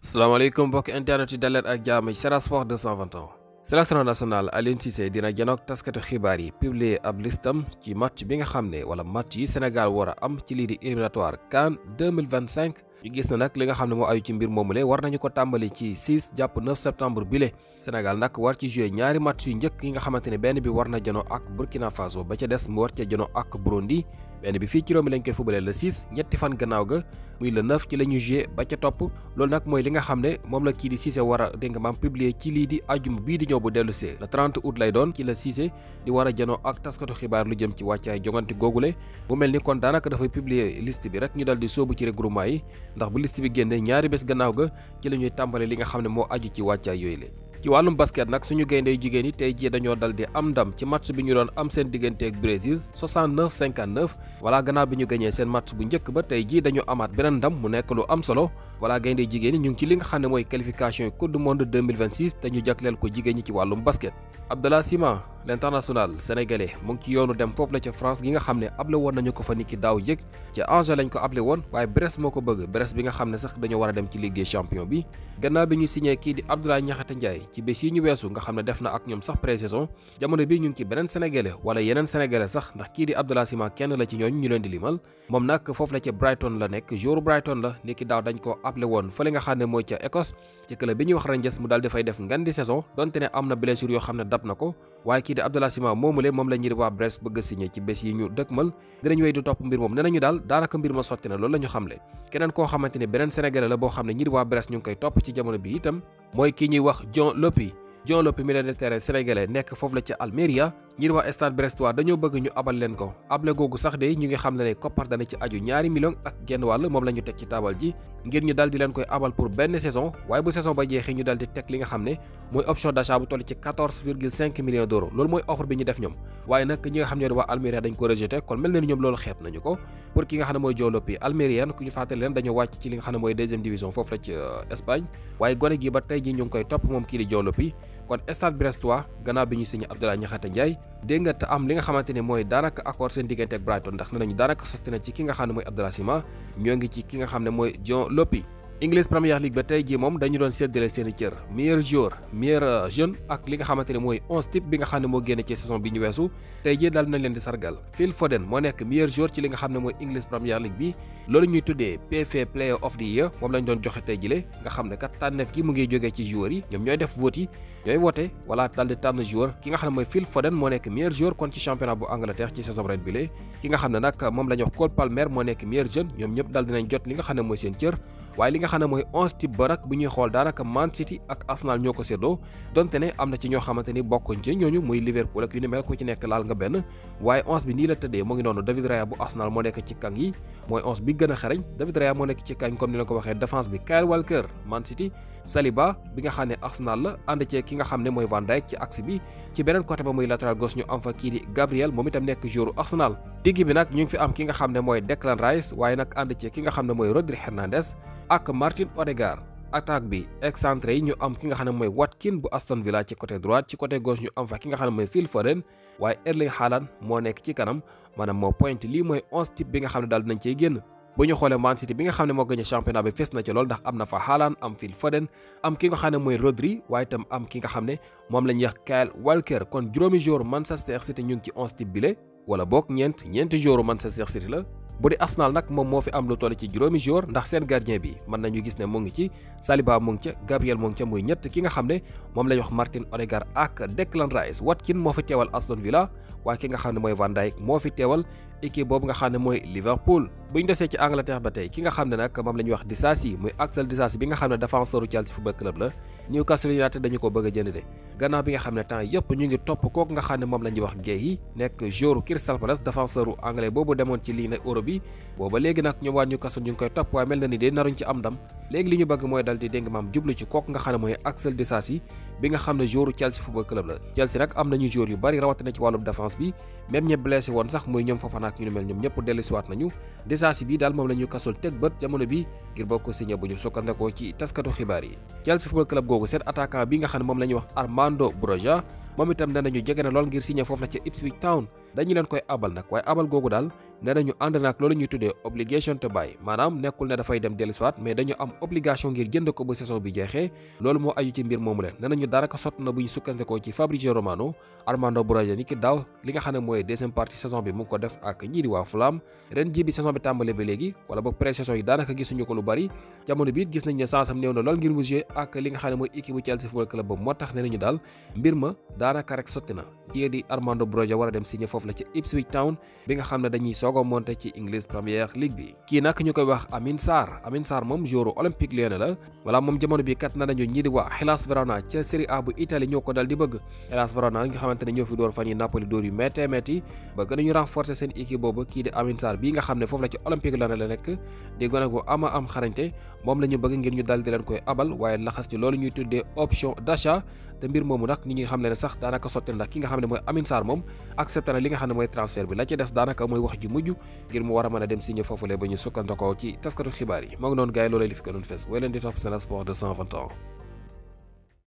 salaamaaleykum mbokk internet yi daleen ak jàmm ci Sen Sport 221 sélection nationale Aliou Cissé dina janoog taskatu xibaar yi publier ab listam ci match bi nga xam ne wala match yi Sénégal war a am ci lii di éliminatoire CAN 2025 ñu gis na nag li nga xam ne moo ayu ci mbir moomule war nañu ko tàmbali ci 6 jàpp 9 septembre bile Sénégal nag war ci jouer ñaari match yu njëkk yi nga xamante ne benn bi war na janoo ak Burkina Faso ba ca des mu war ca janoo ak Burundi benn bi fii ci réew mi lañ koy fubalee le 6 ñetti fan gannaaw ga muy le 9 ci la ñu ba ca topp loolu nag mooy li nga xam ne moom la kii di Cissé war a dégg nga maam publier ci lii di ajum bii di ñëw bu dellu see le 30 lay doon ci la Cissé di war a janoo ak taskatu xibaar lu jëm ci wàccaay jongante le mu mel ni kon daanaka dafay publier list bi rek ñu dal di sóobu ci regroupement yi ndax bu liste bi génnee ñaari bés gannaaw ga ci la ñuy tàmbale li nga xam ne moo aju ci wàccaay yooyu la ci wàllum basket nag suñu gayndey jigéen yi tey jii dañoo dal di am ndam ci match bi ñu doon am seen diggante ak Brésil 69 59 voilà gannaaw bi ñu gañee seen match bu njëkk ba tey jii dañu amaat beneen ndam mu nekk lu am solo wala gayndey jigéen yi ñu ngi ci li nga xam ne mooy qualification coupe du monde 2026 te ñu jagleel ko jigéen ñi ci wàllum basket Abdallah Sima l'international sénégalais mu ngi ci yoonu dem foofu la ca France gi nga xam ne able woon nañu ko fa niki daaw jëg ca Angers lañ ko able woon waaye Brest moo ko bëgg Brest bi nga xam ne sax dañoo war a dem ci Ligue des champions bi gannaaw bi ñu signé kii di Abdoulaye Niakhate Ndiaye ci bés yi ñu weesu nga xam ne def na ak ñoom sax pré-saison jamono bi ñu ngi ci beneen sénégalais wala yeneen sénégalais sax ndax kii di Abdallah Sima kenn la ci ñooñu ñu leen di limal moom nag foofu la ca Brighton la nekk joueur Brighton la niki daaw dañ ko appelé woon fële nga xam ne mooy ca Écosse ci club bi ñuy wax Rangers mu daal dafay def ngan saison donte ne am na blessure yoo xam ne dab na ko waaye kii di Abdallah Sima moomule moom la ñuy waa Brest bëgg a signé ci bés yi ñu dëkkmal dinañ wéy di topp mbir moom ne nañu daal daanaka mbir ma sotti na loolu la ñu xamle keneen koo xamante ne beneen Sénégalais la boo xam ne ñi di koy topp ci jamono bi itam mooy kii ñuy wax John Dion Lopy milieu de terrain sénégalais nekk foofu la ca Almeria ngir waa stade brestois dañoo bëgg ñu abal leen ko able googu sax de ñu ngi xam ne ne koppar dana ci aju ñaari million ak genn wàll moom la ñu teg ci leen koy abal pour benn saison waaye bu saison ba jeexee nga xam ne mooy option d'achat bu toll ci 14 virgule 5 millions d'euros loolu mooy offre bi ñu def ñoom waaye nag ñi nga xam ne waa Almeria dañ ko rejeté kon mel nañu ko euh, tey ji ñu ngi koy topp moom kii di Dion Lopy kon stade brestois gannaaw bi ñu signé Abdoulaye Niakhate Ndiaye dégg am li nga xamante ne mooy daanaka accord seen diggante ak Brighton ndax ne nañu daanaka sotti ci ki nga xam ne mooy Abdallah Sima ñoo ngi ci ki nga xam ne mooy Dion Lopy English Premier League ba tey jii moom dañu doon séddale seen i cër meilleur joueur meilleur euh, jeune ak li nga xamante ne mooy onze type bi nga xam ne moo génne ci saison bi ñu weesu tey jii daal nañ nga xam ne mooy English Premier League bi loolu ñuy tuddee PFA Player of the Year moom lañ doon joxe tey jile nga xam ne kat tànneef gi mu ngi jógee ci joueurs yi ñoom ñooy def vote yi ñooy woote wala daal di tànn joueur ki nga xam ne mooy Phil Foden moo nekk meilleur joueur kon ci championnat bu Angleterre ci saison ren bi ki li nga xam ne mooy seen cër waaye li nga xam ne mooy onze ci barak bu ñuy xool daanaka Man City ak Arsenal ñoo ko seddoo donte ne am na ci ñoo xamante ni bokkuñ ci ñooñu muy Liverpool ak yu ni mel ku ci nekk laal nga benn waaye onze bi nii la tëddee mu ngi noonu David Raya bu Arsenal moo nekk ci kang yi mooy onze bi gën a David Raya moo nekk ci kang comme ni la ko waxee défense bi Kyle Walker Man City Saliba bi nga xam ne Arsenal la ànd ci ki nga xam ne mooy Van Dijk ci axe bi ci beneen côté ba muy latéral gauche ñu moom itam nekk joueur Arsenal digg bi nag ñu ngi fi am ki nga xam ne mooy Declan waaye nag ànd ki nga xam ne mooy Rodri Hernandez ak Martin Odegaard attaque bi excentré yi ñu am ki nga xam ne mooy Watkins bu Aston Villa ci côté droite ci côté gauche ñu am fa ki nga xam ne mooy Phil Foden waaye Erling Haaland moo nekk ci kanam maanaam moo point lii mooy onze bi nga xam ne daal nañ cey génn bu ñu xoolee Man City bi nga xam ne moo gagné championnat bi fees na ci lool ndax am na fa Haaland am Phil Foden am ki nga xam ne mooy Rodri waaye itam am ki nga xam ne moom la ñuy wax Kyle Walker kon juróomi joueur Manchester City ñu ngi ci onze type bile wala ñeent ñeenti joueur Manchester City la bu di Arsenal nag moom moo fi am lu toll ci juróomi jour ndax seen gardien bi mën nañu gis ne mu ngi ci Saliba mu ngi ca Gabriel mu ngi muy ñett ki nga xam ne moom la ñu wax Martin Odegaard ak Declan Rice Watkins moo fi teewal Aston Villa waaye ki nga xam ne mooy Van Dijk moo fi teewal équipe boobu nga xam ne mooy Liverpool buñ desee ci Angleterre ba tey ki nga xam ne nag moom la ñuy wax Disasi muy Axel Disasi bi nga xam ne défenseuru Chelsea Football Club la Newcastle United dañu ko bëgg a jënd de gannaaw bi nga xam ne temps yëpp ñu ngi topp kooku nga xam ne moom la ñuy wax Gueye nekk joueur Crystal Palace défenseuru anglais boobu demoon ci ligne Europe bi booba léegi nag ñoom waa Newcastle ñu ngi koy topp waaye mel na ni de naruñ ci ñu bëgg mooy dal di dégg ci kooku nga xam ne mooy Axel Disasi bi nga xam ne joueur Chelsea football club la Chelsea nag am nañu joueur yu bari rawatina ci wàllum défense bi même ñe blessé woon sax muy ñoom Fofana ak ñu nu mel ñoom ñëpp dellusiwaat nañu desaasi bi daal moom la ñu kasul teg bët jamono bi ngir bokk signé bu ñu sukkandekoo ci taskatu xibaar yi Chelsea football club googu seen attaquant bi nga xam ne moom la wax Armando Broja moom itam danañu jege na lool ngir signé foofu la ca Ipswich Town dañu leen koy abal nak waaye abal googu daal ne nañu ànd nak loolu ñuy tuddee obligation to buy manam nekkul ne dafay dem dellusiwaat mais dañu am obligation ngir jënd ko ba saison bi jeexee loolu mo aju ci mbir moomu leen ne nañu daanaka sott na ci Fabrizio Romano Armando Broja ni ki daaw li nga xam ne mooy deuxième partie saison bi mu ko def ak ñii di waa Fulham ren ji bi saison bi tàmbale ba léegi wala boog pré-saison yi daanaka gisuñu ko lu bari jamono bi gis nañ ne chance am néew na lool ngir mu jouer ak li nga xam ne équipe Chelsea Football Club mbir ma rek di Armando Broja wara dem signé foofu la ci Ipswich Town bi nga xam ne dañuy soog a monté ci English Premier League bi kii nag ñu koy wax Amin Sarr Amin Sarr moom joueur olympique lyonnais la voilà moom jamono bi kat na nañu ñii di waa Hellas Verona ca Serie A bu Italie ñoo ko dal di bëgg Hellas Verona nga xamante ñoo fi door fan yi Napoli door yu méttee métti ba gën añu renforcer seen équipe boobu kii di Amin Sarr bii nga xam ne foofu la ci olympique lyonnais la nekk di gone gu ama am xarañte moom la te mbir moomu nag ñi xam ne ne sax daanaka sotti ndax ki nga xam ne mooy Amine moom accepté na li nga xam ne mooy transfert bi la ci des daanaka mooy wax ji mujj ngir mu war a mën a dem signé foofule ba ñu sukkandikoo ci taskatu xibaar yi moo ngi noonu gars yi loolay li fi gënoon fees way leen di topp Sen Sport 221